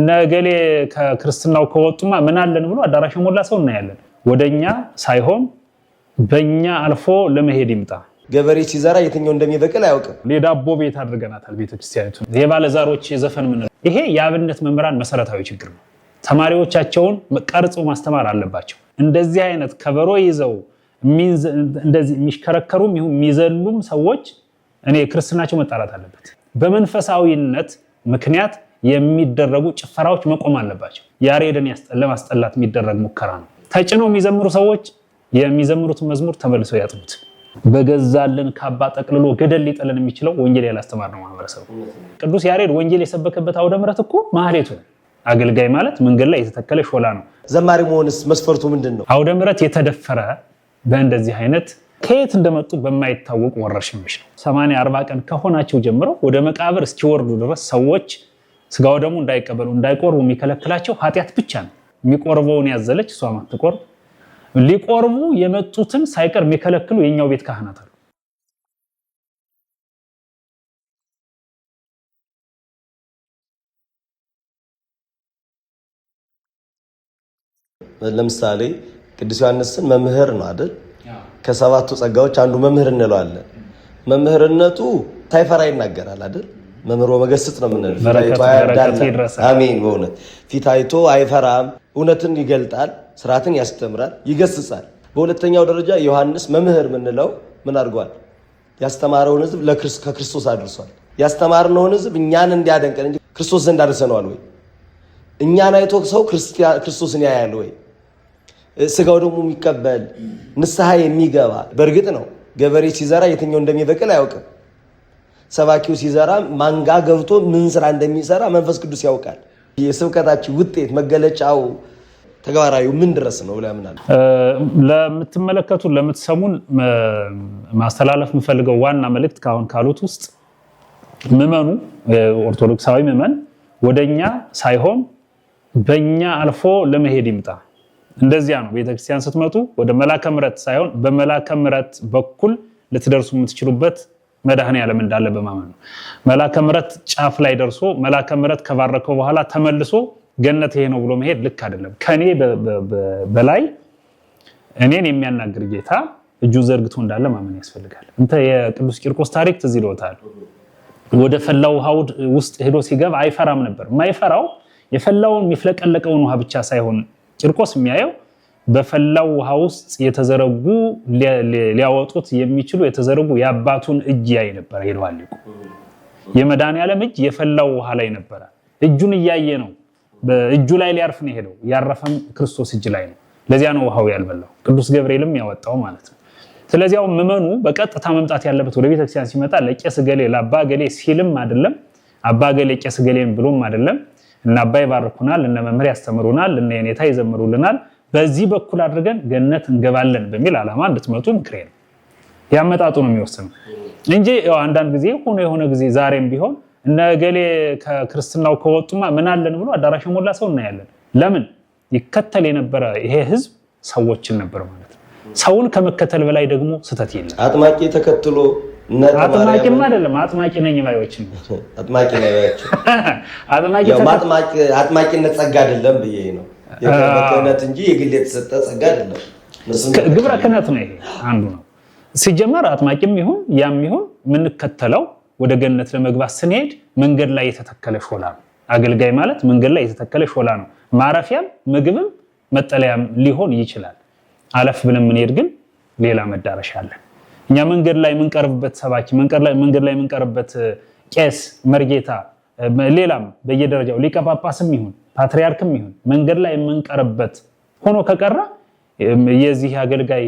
እነ እገሌ ከክርስትናው ከወጡማ ምን አለን ብሎ አዳራሽ የሞላ ሰው እናያለን። ወደኛ ሳይሆን በኛ አልፎ ለመሄድ ይምጣ። ገበሬ ሲዘራ የትኛው እንደሚበቅል አያውቅም። የዳቦ ቤት አድርገናታል ቤተክርስቲያኒቱ። የባለዛሮች የዘፈን ምን ይሄ የአብነት መምህራን መሰረታዊ ችግር ነው። ተማሪዎቻቸውን ቀርጾ ማስተማር አለባቸው። እንደዚህ አይነት ከበሮ ይዘው የሚሽከረከሩም ይሁን የሚዘሉም ሰዎች እኔ ክርስትናቸው መጣላት አለበት። በመንፈሳዊነት ምክንያት የሚደረጉ ጭፈራዎች መቆም አለባቸው። ያሬድን ለማስጠላት የሚደረግ ሙከራ ነው። ተጭነው የሚዘምሩ ሰዎች የሚዘምሩትን መዝሙር ተመልሰው ያጥቡት በገዛልን ካባ ጠቅልሎ ገደል ሊጥለን የሚችለው ወንጌል ያላስተማር ነው ማህበረሰቡ ቅዱስ ያሬድ ወንጌል የሰበከበት አውደ ምረት እኮ ማህሌቱ ነው። አገልጋይ ማለት መንገድ ላይ የተተከለ ሾላ ነው። ዘማሪ መሆንስ መስፈርቱ ምንድን ነው? አውደ ምረት የተደፈረ በእንደዚህ አይነት ከየት እንደመጡ በማይታወቁ ወረርሽኞች ነው። ሰማንያ አርባ ቀን ከሆናቸው ጀምረው ወደ መቃብር እስኪወርዱ ድረስ ሰዎች ስጋው ደግሞ እንዳይቀበሉ እንዳይቆርቡ የሚከለክላቸው ኃጢአት ብቻ ነው። የሚቆርበውን ያዘለች እሷ ማትቆርብ ሊቆርቡ የመጡትን ሳይቀር የሚከለክሉ የኛው ቤት ካህናት አሉ። ለምሳሌ ቅዱስ ዮሐንስን መምህር ነው አይደል? ከሰባቱ ጸጋዎች አንዱ መምህር እንለዋለን። መምህርነቱ ታይፈራ ይናገራል አይደል? መምህሮ መገስጥ ነው የምንለው። አሜን። በእውነት ፊት አይቶ አይፈራም። እውነትን ይገልጣል፣ ስርዓትን ያስተምራል፣ ይገስጻል። በሁለተኛው ደረጃ ዮሐንስ መምህር የምንለው ምን አድርጓል? ያስተማረውን ህዝብ ከክርስቶስ አድርሷል። ያስተማርነውን ህዝብ እኛን እንዲያደንቀን እንጂ ክርስቶስ ዘንድ አድርሰነዋል ወይ? እኛን አይቶ ሰው ክርስቶስን ያያል ወይ? ስጋው ደግሞ የሚቀበል ንስሐ የሚገባ በእርግጥ ነው ገበሬ ሲዘራ የትኛው እንደሚበቅል አያውቅም ሰባኪው ሲዘራ ማንጋ ገብቶ ምን ስራ እንደሚሰራ መንፈስ ቅዱስ ያውቃል። የስብከታችን ውጤት መገለጫው ተግባራዊ ምን ድረስ ነው ብላ ምናል ለምትሰሙን ማስተላለፍ የምፈልገው ዋና መልእክት ሁን ካሉት ውስጥ ምዕመኑ ኦርቶዶክሳዊ ምዕመን ወደኛ ሳይሆን በኛ አልፎ ለመሄድ ይምጣ። እንደዚያ ነው። ቤተክርስቲያን ስትመጡ ወደ መላከ ምረት ሳይሆን በመላከ ምረት በኩል ልትደርሱ የምትችሉበት መድኃኔ ዓለም እንዳለ በማመን ነው። መላከ ምሕረት ጫፍ ላይ ደርሶ መላከ ምሕረት ከባረከው በኋላ ተመልሶ ገነት ይሄ ነው ብሎ መሄድ ልክ አይደለም። ከኔ በላይ እኔን የሚያናግር ጌታ እጁን ዘርግቶ እንዳለ ማመን ያስፈልጋል። እንተ የቅዱስ ቂርቆስ ታሪክ ትዝ ወደ ፈላው ውሃ ውስጥ ሄዶ ሲገባ አይፈራም ነበር። የማይፈራው የፈላውን የሚፍለቀለቀውን ውሃ ብቻ ሳይሆን ቂርቆስ የሚያየው በፈላው ውሃ ውስጥ የተዘረጉ ሊያወጡት የሚችሉ የተዘረጉ የአባቱን እጅ ያይ ነበረ። ሄደዋል ሊቁ የመድኃኒዓለም እጅ የፈላው ውሃ ላይ ነበረ። እጁን እያየ ነው። እጁ ላይ ሊያርፍ ነው የሄደው። ያረፈም ክርስቶስ እጅ ላይ ነው። ለዚያ ነው ውሃው ያልበላው። ቅዱስ ገብርኤልም ያወጣው ማለት ነው። ስለዚያው ምመኑ በቀጥታ መምጣት ያለበት ወደ ቤተክርስቲያን ሲመጣ ለቄስ ገሌ ለአባ ገሌ ሲልም አይደለም፣ አባ ገሌ ቄስ ገሌም ብሎም አይደለም። እነ አባ ይባርኩናል፣ እነ መምህር ያስተምሩናል፣ እነ የኔታ ይዘምሩልናል በዚህ በኩል አድርገን ገነት እንገባለን በሚል ዓላማ እንድትመጡ ምክሬ ነው። ያመጣጡ ነው የሚወስነው እንጂ አንዳንድ ጊዜ ሆኖ የሆነ ጊዜ ዛሬም ቢሆን እነ እገሌ ከክርስትናው ከወጡማ ምን አለን ብሎ አዳራሽ የሞላ ሰው እናያለን። ለምን ይከተል የነበረ ይሄ ህዝብ ሰዎችን ነበር ማለት ነው። ሰውን ከመከተል በላይ ደግሞ ስህተት የለም። አጥማቂ ተከትሎ አጥማቂም አይደለም አጥማቂ ነኝ ባዮችን አጥማቂ ነኝ ባዮችን አጥማቂነት ጸጋ አይደለም ብዬ ነው ክህነት እንጂ የግል የተሰጠ ጸጋ አይደለም። ግብረ ክህነት ነው። ይሄ አንዱ ነው። ሲጀመር አጥማቂም ይሁን ያም ይሁን የምንከተለው ወደ ገነት ለመግባት ስንሄድ መንገድ ላይ የተተከለ ሾላ ነው። አገልጋይ ማለት መንገድ ላይ የተተከለ ሾላ ነው። ማረፊያም ምግብም መጠለያም ሊሆን ይችላል። አለፍ ብለን የምንሄድ ግን ሌላ መዳረሻ አለን። እኛ መንገድ ላይ የምንቀርብበት ሰባኪ፣ መንገድ ላይ የምንቀርብበት ቄስ፣ መርጌታ፣ ሌላም በየደረጃው ሊቀ ጳጳስም ይሁን ፓትሪያርክም ይሁን መንገድ ላይ የምንቀርበት ሆኖ ከቀረ የዚህ አገልጋይ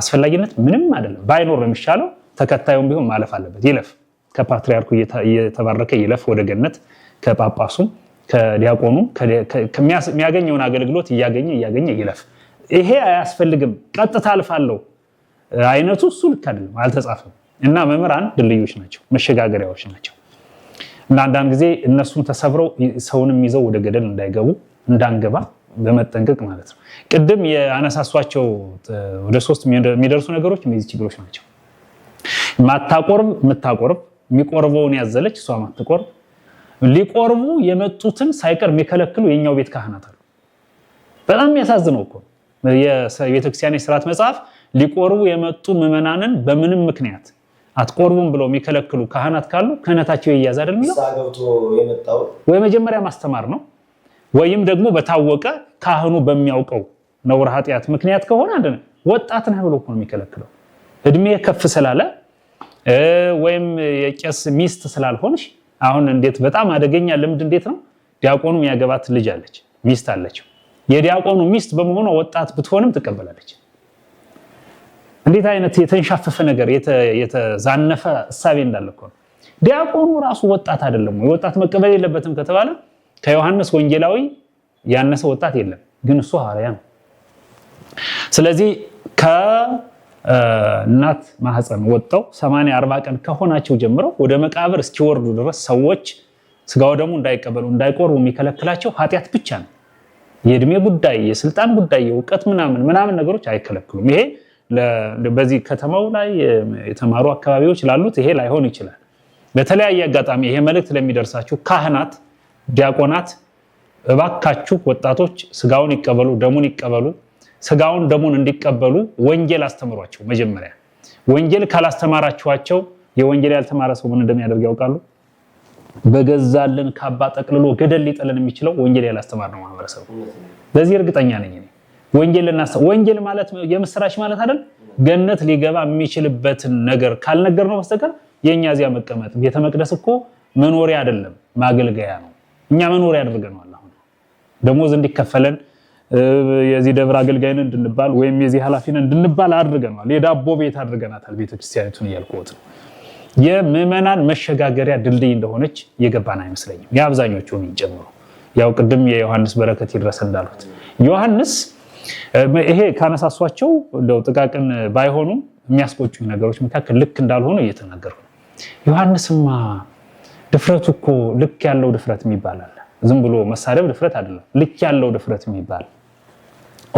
አስፈላጊነት ምንም አይደለም። ባይኖር ነው የሚሻለው። ተከታዩም ቢሆን ማለፍ አለበት። ይለፍ፣ ከፓትሪያርኩ እየተባረከ ይለፍ ወደ ገነት። ከጳጳሱም ከዲያቆኑ የሚያገኘውን አገልግሎት እያገኘ እያገኘ ይለፍ። ይሄ አያስፈልግም፣ ቀጥታ አልፋለሁ አይነቱ እሱ ልክ አይደለም፣ አልተጻፈም። እና መምህራን ድልድዮች ናቸው፣ መሸጋገሪያዎች ናቸው። እና አንዳንድ ጊዜ እነሱን ተሰብረው ሰውንም ይዘው ወደ ገደል እንዳይገቡ እንዳንገባ በመጠንቀቅ ማለት ነው። ቅድም የአነሳሷቸው ወደ ሶስት የሚደርሱ ነገሮች እነዚህ ችግሮች ናቸው። ማታቆርብ፣ የምታቆርብ፣ የሚቆርበውን ያዘለች እሷ ማትቆርብ፣ ሊቆርቡ የመጡትን ሳይቀር የሚከለክሉ የኛው ቤት ካህናት አሉ። በጣም የሚያሳዝነው እኮ የቤተክርስቲያን የስርዓት መጽሐፍ ሊቆርቡ የመጡ ምዕመናንን በምንም ምክንያት አትቆርቡም ብለው የሚከለክሉ ካህናት ካሉ ክህነታቸው ይያዝ አይደለም ወይ? መጀመሪያ ማስተማር ነው ወይም ደግሞ በታወቀ ካህኑ በሚያውቀው ነውር ኃጢአት ምክንያት ከሆነ አንድ ወጣት ነህ ብሎ ነው የሚከለክለው እድሜ ከፍ ስላለ ወይም የቄስ ሚስት ስላልሆንሽ። አሁን እንዴት በጣም አደገኛ ልምድ እንዴት ነው! ዲያቆኑ ያገባት ልጅ አለች፣ ሚስት አለችው። የዲያቆኑ ሚስት በመሆኗ ወጣት ብትሆንም ትቀበላለች። እንዴት አይነት የተንሻፈፈ ነገር የተዛነፈ እሳቤ እንዳለ እኮ ነው። ዲያቆኑ ራሱ ወጣት አይደለም ወይ? ወጣት መቀበል የለበትም ከተባለ ከዮሐንስ ወንጌላዊ ያነሰ ወጣት የለም፣ ግን እሱ ሐዋርያ ነው። ስለዚህ ከእናት ማህፀን ወጥተው ሰማንያ 40 ቀን ከሆናቸው ጀምረው ወደ መቃብር እስኪወርዱ ድረስ ሰዎች ስጋው ደግሞ እንዳይቀበሉ እንዳይቆርቡ የሚከለክላቸው ኃጢአት ብቻ ነው። የእድሜ ጉዳይ፣ የስልጣን ጉዳይ፣ የእውቀት ምናምን ምናምን ነገሮች አይከለክሉም። ይሄ በዚህ ከተማው ላይ የተማሩ አካባቢዎች ላሉት ይሄ ላይሆን ይችላል። በተለያየ አጋጣሚ ይሄ መልእክት ለሚደርሳችሁ ካህናት፣ ዲያቆናት እባካችሁ ወጣቶች ስጋውን ይቀበሉ፣ ደሙን ይቀበሉ። ስጋውን ደሙን እንዲቀበሉ ወንጌል አስተምሯቸው። መጀመሪያ ወንጌል ካላስተማራችኋቸው የወንጌል ያልተማረ ሰው ምን እንደሚያደርግ ያውቃሉ? በገዛልን ካባ ጠቅልሎ ገደል ሊጥለን የሚችለው ወንጌል ያላስተማር ነው ማህበረሰቡ። በዚህ እርግጠኛ ነኝ። ወንጌል እናስ ወንጌል ማለት የምስራች ማለት አይደል? ገነት ሊገባ የሚችልበትን ነገር ካልነገር ነው በስተቀር የኛ እዚያ መቀመጥ ቤተ መቅደስ እኮ መኖሪያ አይደለም፣ ማገልገያ ነው። እኛ መኖሪያ አድርገነዋል። አሁን ደሞዝ እንዲከፈለን የዚህ ደብር አገልጋይን እንድንባል ወይም የዚህ ኃላፊን እንድንባል አድርገናል። የዳቦ ቤት አድርገናታል ቤተክርስቲያኒቱን እያልኩት ነው። የምዕመናን መሸጋገሪያ ድልድይ እንደሆነች የገባን አይመስለኝም። የአብዛኞቹን ጨምሮ ያው ቅድም የዮሐንስ በረከት ይድረስ እንዳልኩት ዮሐንስ ይሄ ካነሳሷቸው እንደው ጥቃቅን ባይሆኑም የሚያስቆጩ ነገሮች መካከል ልክ እንዳልሆኑ እየተናገርኩ ነው። ዮሐንስማ ድፍረቱ እኮ ልክ ያለው ድፍረት የሚባል አለ። ዝም ብሎ መሳደብ ድፍረት አይደለም፣ ልክ ያለው ድፍረት የሚባል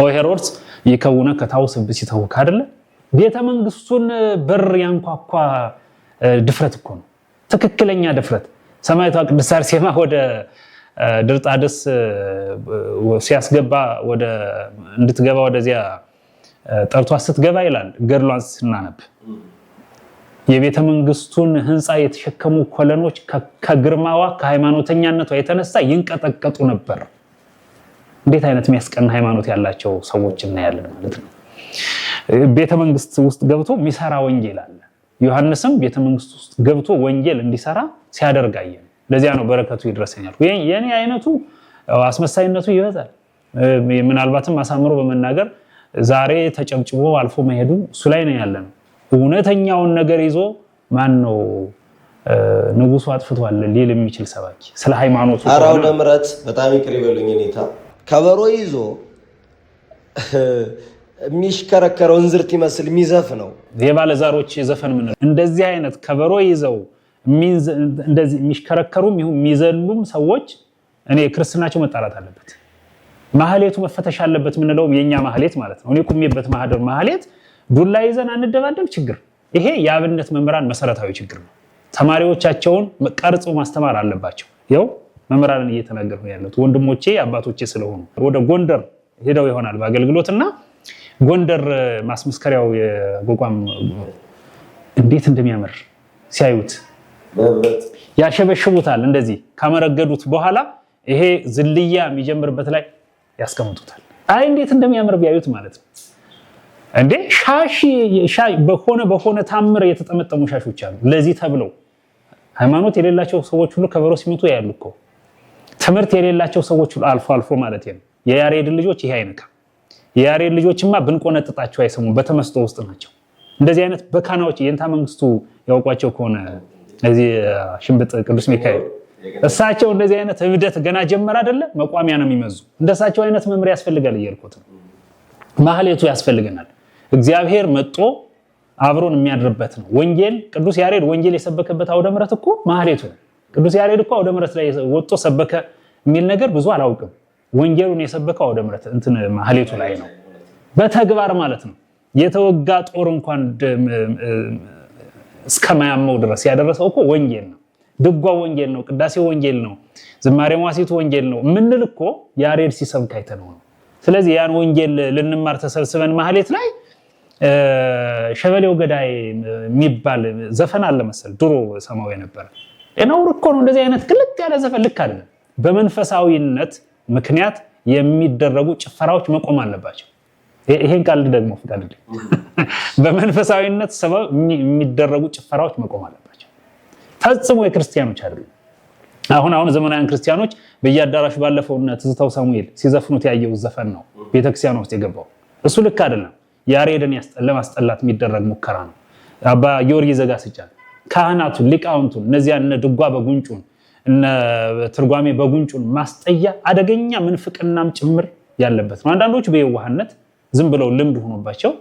ኦ ሄሮድስ የከውነ ከታውስ ብስ ይተውክ አይደለ? ቤተ መንግስቱን በር ያንኳኳ ድፍረት እኮ ነው ትክክለኛ ድፍረት። ሰማዕቷ ቅድስት አርሴማ ወደ ድርጣድስ ሲያስገባ እንድትገባ ወደዚያ ጠርቷ ስትገባ ይላል ገድሏን ስናነብ የቤተ መንግስቱን ህንፃ የተሸከሙ ኮለኖች ከግርማዋ ከሃይማኖተኛነቷ የተነሳ ይንቀጠቀጡ ነበር። እንዴት አይነት የሚያስቀና ሃይማኖት ያላቸው ሰዎች እናያለን ማለት ነው። ቤተ መንግስት ውስጥ ገብቶ የሚሰራ ወንጌል አለ። ዮሐንስም ቤተ መንግስት ውስጥ ገብቶ ወንጌል እንዲሰራ ሲያደርጋየ ለዚያ ነው በረከቱ ይድረሰኛል። የኔ አይነቱ አስመሳይነቱ ይበዛል። ምናልባትም አሳምሮ በመናገር ዛሬ ተጨብጭቦ አልፎ መሄዱ እሱ ላይ ነው ያለ ነው። እውነተኛውን ነገር ይዞ ማን ነው ንጉሱ አጥፍቷል ሊል የሚችል ሰባኪ ስለ ሃይማኖቱ አራው ምሕረት በጣም ይቅር ይበሉኝ ኔታ ከበሮ ይዞ የሚሽከረከረው እንዝርት ይመስል የሚዘፍ ነው የባለዛሮች ዘፈን ምን እንደዚህ አይነት ከበሮ ይዘው እንደዚህ የሚሽከረከሩም ይሁን የሚዘሉም ሰዎች እኔ ክርስትናቸው መጣላት አለበት። ማህሌቱ መፈተሽ አለበት የምንለውም የእኛ ማህሌት ማለት ነው። እኔ ቁሜበት ማህደር ማህሌት ዱላ ይዘን አንደባደብ ችግር፣ ይሄ የአብነት መምህራን መሰረታዊ ችግር ነው። ተማሪዎቻቸውን ቀርጾ ማስተማር አለባቸው። ይኸው መምህራንን እየተናገርኩ ያለሁት ወንድሞቼ አባቶቼ ስለሆኑ ወደ ጎንደር ሄደው ይሆናል በአገልግሎትና ጎንደር ማስመስከሪያው የጎቋም እንዴት እንደሚያምር ሲያዩት ያሸበሽቡታል። እንደዚህ ከመረገዱት በኋላ ይሄ ዝልያ የሚጀምርበት ላይ ያስቀምጡታል። አይ እንዴት እንደሚያምር ቢያዩት ማለት ነው። እንዴ ሻሽ በሆነ በሆነ ታምር የተጠመጠሙ ሻሾች አሉ። ለዚህ ተብለው ሃይማኖት የሌላቸው ሰዎች ሁሉ ከበሮ ሲመቱ ያሉ እኮ ትምህርት የሌላቸው ሰዎች ሁሉ አልፎ አልፎ ማለት ነው። የያሬድ ልጆች ይሄ አይነካ። የያሬድ ልጆችማ ብንቆነጥጣቸው አይሰሙም። በተመስጦ ውስጥ ናቸው። እንደዚህ አይነት በካናዎች የእንታ መንግስቱ ያውቋቸው ከሆነ እዚህ ሽምብጥ ቅዱስ ሚካኤል እሳቸው እንደዚህ አይነት እብደት ገና ጀመር አይደለ? መቋሚያ ነው የሚመዙ። እንደሳቸው አይነት መምሪያ ያስፈልጋል እያልኩት ነው። ማህሌቱ ያስፈልገናል። እግዚአብሔር መጦ አብሮን የሚያድርበት ነው። ወንጌል ቅዱስ ያሬድ ወንጌል የሰበከበት አውደ ምረት እኮ ማህሌቱ ነው። ቅዱስ ያሬድ እኮ አውደ ምረት ላይ ወጦ ሰበከ የሚል ነገር ብዙ አላውቅም። ወንጌሉን የሰበከው አውደ ምረት እንትን ማህሌቱ ላይ ነው፣ በተግባር ማለት ነው። የተወጋ ጦር እንኳን እስከ ማያመው ድረስ ያደረሰው እኮ ወንጌል ነው። ድጓ ወንጌል ነው። ቅዳሴ ወንጌል ነው። ዝማሬ ማሴቱ ወንጌል ነው። ምንል እኮ ያሬድ ሲሰብክ አይተነው ነው። ስለዚህ ያን ወንጌል ልንማር ተሰብስበን ማህሌት ላይ ሸበሌው ገዳይ የሚባል ዘፈን አለ መሰል ድሮ ሰማው የነበረ ነውር እኮ ነው። እንደዚህ አይነት ግልጥ ያለ ዘፈን ልክ አይደለም። በመንፈሳዊነት ምክንያት የሚደረጉ ጭፈራዎች መቆም አለባቸው። ይሄን ቃል ደግሞ ፍቀድልኝ። በመንፈሳዊነት ሰበብ የሚደረጉ ጭፈራዎች መቆም አለባቸው። ፈጽሞ የክርስቲያኖች አይደሉም። አሁን አሁን ዘመናዊያን ክርስቲያኖች በየአዳራሹ ባለፈው እና ትዝታው ሳሙኤል ሲዘፍኑት ያየው ዘፈን ነው ቤተክርስቲያን ውስጥ የገባው። እሱ ልክ አይደለም። ያሬድን ለማስጠላት የሚደረግ ሙከራ ነው። አባ ጊዮርጊ ዘጋስጫን፣ ካህናቱን፣ ሊቃውንቱን እነዚያ እነ ድጓ በጉንጩን እነ ትርጓሜ በጉንጩን ማስጠያ አደገኛ ምንፍቅናም ጭምር ያለበት ነው። አንዳንዶቹ በየዋህነት ዝም ብለው ልምድ ሆኖባቸው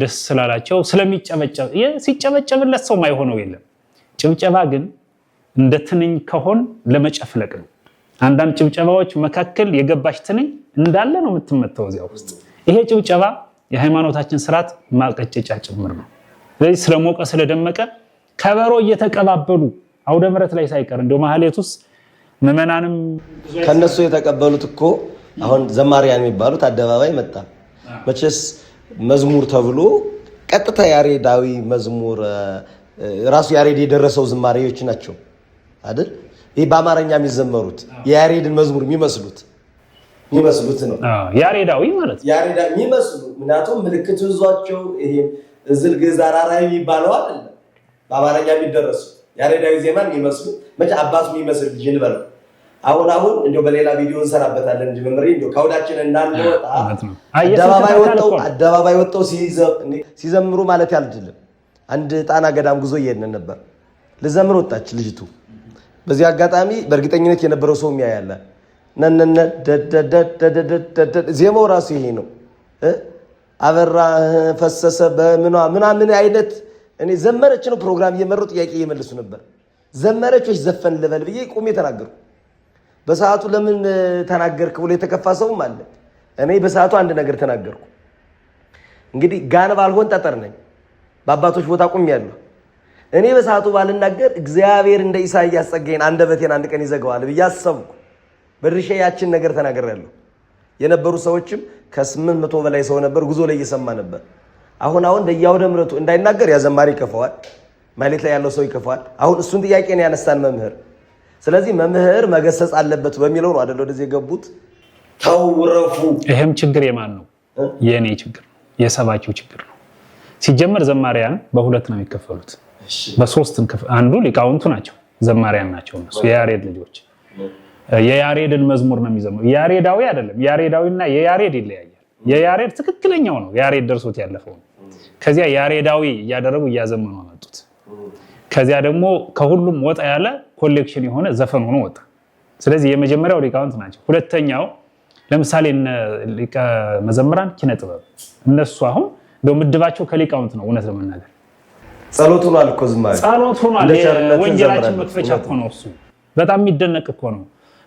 ደስ ስላላቸው ስለሚጨበጨብ ሲጨበጨብለት ሰው ማይሆነው የለም። ጭብጨባ ግን እንደ ትንኝ ከሆን ለመጨፍለቅ ነው። አንዳንድ ጭብጨባዎች መካከል የገባች ትንኝ እንዳለ ነው የምትመተው እዚያ ውስጥ። ይሄ ጭብጨባ የሃይማኖታችን ስርዓት ማቀጨጫ ጭምር ነው። ስለዚህ ስለሞቀ ስለደመቀ ከበሮ እየተቀባበሉ አውደ ምረት ላይ ሳይቀር እንደ ማህሌት ውስጥ ምዕመናንም ከነሱ የተቀበሉት እኮ አሁን ዘማሪያን የሚባሉት አደባባይ መጣ መቼስ መዝሙር ተብሎ ቀጥታ ያሬዳዊ መዝሙር ራሱ ያሬድ የደረሰው ዝማሬዎች ናቸው አይደል? ይህ በአማርኛ የሚዘመሩት የያሬድን መዝሙር የሚመስሉት የሚመስሉት ነው። ያሬዳዊ ማለት ያሬዳዊ የሚመስሉ ምክንያቱም ምልክት ይዟቸው ይሄ እዝል ግዕዝ አራራ የሚባለው አይደለም። በአማርኛ የሚደረሱ ያሬዳዊ ዜማን የሚመስሉ መቼ አባቱ የሚመስል ልጅ እንበለው አሁን አሁን እንዲ በሌላ ቪዲዮ እንሰራበታለን እንጂ መምሬ እንዲ ከሁዳችን እንዳንወጣ አደባባይ ወጥተው ሲዘምሩ ማለት ያልድልም። አንድ ጣና ገዳም ጉዞ እየሄድን ነበር። ልዘምር ወጣች ልጅቱ። በዚህ አጋጣሚ በእርግጠኝነት የነበረው ሰው ያያለ ነነነ ዜማው ራሱ ይሄ ነው። አበራ ፈሰሰ በምኗ ምናምን አይነት እኔ ዘመረች ነው ፕሮግራም እየመሩ ጥያቄ እየመልሱ ነበር። ዘመረች ወይስ ዘፈን ልበል ብዬ ቁሜ ተናገርኩ። በሰዓቱ ለምን ተናገርክ ብሎ የተከፋ ሰውም አለ። እኔ በሰዓቱ አንድ ነገር ተናገርኩ። እንግዲህ ጋን ባልሆን ጠጠር ነኝ፣ በአባቶች ቦታ ቁሜያለሁ። እኔ በሰዓቱ ባልናገር እግዚአብሔር እንደ ኢሳይያስ ጸጋዬን አንደበቴን አንድ ቀን ይዘጋዋል ብዬ አሰብኩ። በድርሻ ያችን ነገር ተናግሬያለሁ። የነበሩ ሰዎችም ከስምንት መቶ በላይ ሰው ነበር፣ ጉዞ ላይ እየሰማ ነበር። አሁን አሁን በየአውደ ምረቱ እንዳይናገር ያዘማሪ ይከፈዋል፣ መሌት ላይ ያለው ሰው ይከፈዋል። አሁን እሱን ጥያቄ ነው ያነሳን መምህር ስለዚህ መምህር መገሰጽ አለበት በሚለው ነው አደለ ወደዚህ የገቡት። ተውረፉ። ይህም ችግር የማን ነው? የእኔ ችግር፣ የሰባኪው ችግር ነው። ሲጀመር ዘማሪያን በሁለት ነው የሚከፈሉት፣ በሶስት አንዱ ሊቃውንቱ ናቸው፣ ዘማሪያን ናቸው እነሱ የያሬድ ልጆች የያሬድን መዝሙር ነው የሚዘምሩ። ያሬዳዊ አይደለም። ያሬዳዊና የያሬድ ይለያያል። የያሬድ ትክክለኛው ነው፣ ያሬድ ደርሶት ያለፈው ከዚያ ያሬዳዊ እያደረጉ እያዘመኑ አመጡት። ከዚያ ደግሞ ከሁሉም ወጣ ያለ ኮሌክሽን የሆነ ዘፈን ሆኖ ወጣ። ስለዚህ የመጀመሪያው ሊቃውንት ናቸው። ሁለተኛው ለምሳሌ ሊቀ መዘምራን ኪነ ጥበብ እነሱ አሁን እንደው ምድባቸው ከሊቃውንት ነው። እውነት ለመናገር ጸሎት ሆኗል እኮ ዝማሬ ጸሎት ሆኗል። መክፈቻ እኮ ነው እሱ። በጣም የሚደነቅ እኮ ነው።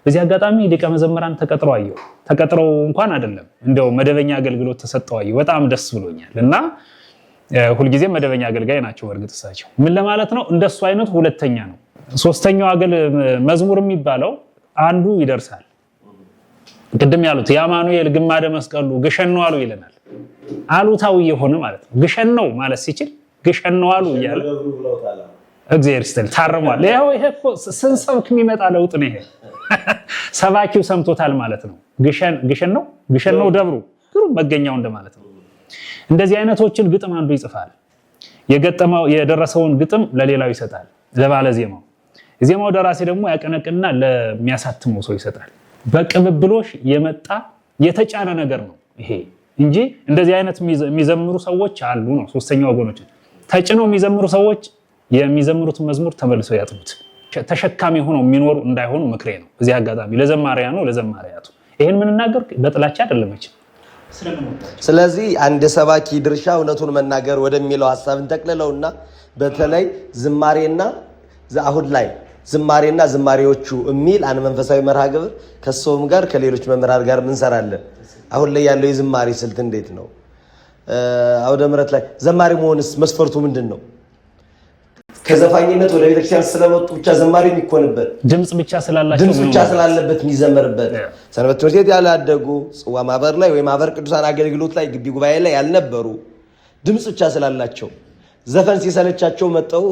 በዚህ አጋጣሚ ሊቀ መዘምራን ተቀጥሮ አየሁ። ተቀጥረው እንኳን አይደለም እንደው መደበኛ አገልግሎት ተሰጠው አየሁ። በጣም ደስ ብሎኛል እና ሁልጊዜ መደበኛ አገልጋይ ናቸው። እርግጥ እሳቸው ምን ለማለት ነው? እንደሱ አይነቱ ሁለተኛ ነው። ሶስተኛው አገል መዝሙር የሚባለው አንዱ ይደርሳል። ቅድም ያሉት የአማኑኤል ግማደ መስቀሉ ግሸን ነው አሉ ይለናል። አሉታዊ የሆነ ማለት ነው። ግሸን ነው ማለት ሲችል ግሸን ነው አሉ እያለ እግዚአብሔር ይስጥል ታርሟል። ይኸው ይሄ እኮ ስንሰብክ የሚመጣ ለውጥ ነው። ይሄ ሰባኪው ሰምቶታል ማለት ነው። ግሸን ነው ግሸን ነው ደብሩ ግሩም መገኛው እንደማለት ነው። እንደዚህ አይነቶችን ግጥም አንዱ ይጽፋል። የገጠመው የደረሰውን ግጥም ለሌላው ይሰጣል፣ ለባለ ዜማው። ዜማው ደራሲ ደግሞ ያቀነቅና ለሚያሳትመው ሰው ይሰጣል። በቅብብሎሽ የመጣ የተጫነ ነገር ነው ይሄ እንጂ እንደዚህ አይነት የሚዘምሩ ሰዎች አሉ ነው። ሶስተኛው ወገኖች ተጭኖ የሚዘምሩ ሰዎች የሚዘምሩትን መዝሙር ተመልሰው ያጥሙት ተሸካሚ ሆነው የሚኖሩ እንዳይሆኑ ምክሬ ነው። እዚህ አጋጣሚ ለዘማሪያ ነው ለዘማሪያቱ ይህን የምንናገር በጥላቻ አይደለመችም። ስለዚህ አንድ ሰባኪ ድርሻ እውነቱን መናገር ወደሚለው ሀሳብ እንጠቅልለውና በተለይ ዝማሬና አሁን ላይ ዝማሬና ዝማሬዎቹ የሚል አንድ መንፈሳዊ መርሃ ግብር ከሰውም ጋር ከሌሎች መምህራን ጋር እንሰራለን። አሁን ላይ ያለው የዝማሬ ስልት እንዴት ነው? አውደ ምረት ላይ ዘማሪ መሆንስ መስፈርቱ ምንድን ነው? ከዘፋኝነት ወደ ቤተክርስቲያን ስለመጡ ብቻ ዘማሪ የሚኮንበት ድምፅ ብቻ ስላላቸው ድምፅ ብቻ ስላለበት የሚዘመርበት ሰንበት ትምህርት ቤት ያላደጉ ጽዋ ማህበር ላይ ወይም ማህበር ቅዱሳን አገልግሎት ላይ ግቢ ጉባኤ ላይ ያልነበሩ ድምፅ ብቻ ስላላቸው ዘፈን ሲሰለቻቸው መጠው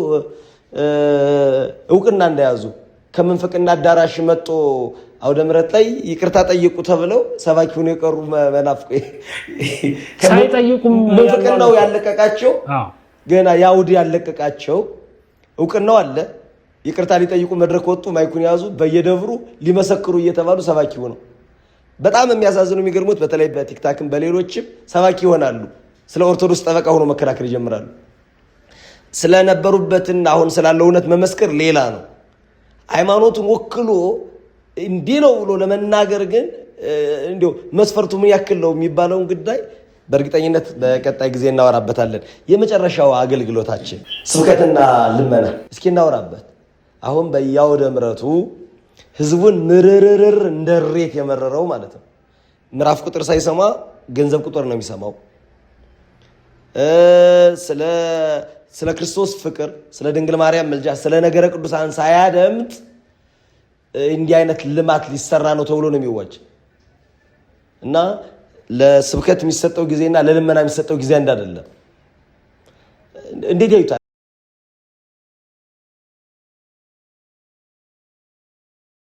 እውቅና እንደያዙ ከምንፍቅና አዳራሽ መጦ አውደ ምረት ላይ ይቅርታ ጠይቁ ተብለው ሰባኪ ሆኖ የቀሩ መናፍቆ ምንፍቅናው ያለቀቃቸው ገና የአውድ ያለቀቃቸው እውቅናው አለ። ይቅርታ ሊጠይቁ መድረክ ወጡ፣ ማይኩን ያዙ፣ በየደብሩ ሊመሰክሩ እየተባሉ ሰባኪው ነው። በጣም የሚያሳዝኑ የሚገርሙት በተለይ በቲክታክም በሌሎችም ሰባኪ ይሆናሉ። ስለ ኦርቶዶክስ ጠበቃ ሆኖ መከራከር ይጀምራሉ። ስለነበሩበትና አሁን ስላለው እውነት መመስከር ሌላ ነው። ሃይማኖቱን ወክሎ እንዲህ ነው ብሎ ለመናገር ግን እንዲያው መስፈርቱ ምን ያክል ነው የሚባለውን ጉዳይ በእርግጠኝነት በቀጣይ ጊዜ እናወራበታለን። የመጨረሻው አገልግሎታችን ስብከትና ልመና እስኪ እናወራበት። አሁን በያወደ ምረቱ ህዝቡን ምርርርር እንደ ሬት የመረረው ማለት ነው። ምዕራፍ ቁጥር ሳይሰማ ገንዘብ ቁጥር ነው የሚሰማው። ስለ ክርስቶስ ፍቅር፣ ስለ ድንግል ማርያም ምልጃ፣ ስለ ነገረ ቅዱሳን ሳያደምጥ እንዲህ አይነት ልማት ሊሰራ ነው ተብሎ ነው የሚዋጅ እና ለስብከት የሚሰጠው ጊዜና ለልመና የሚሰጠው ጊዜ እንዳደለም እንዴት ያዩታል?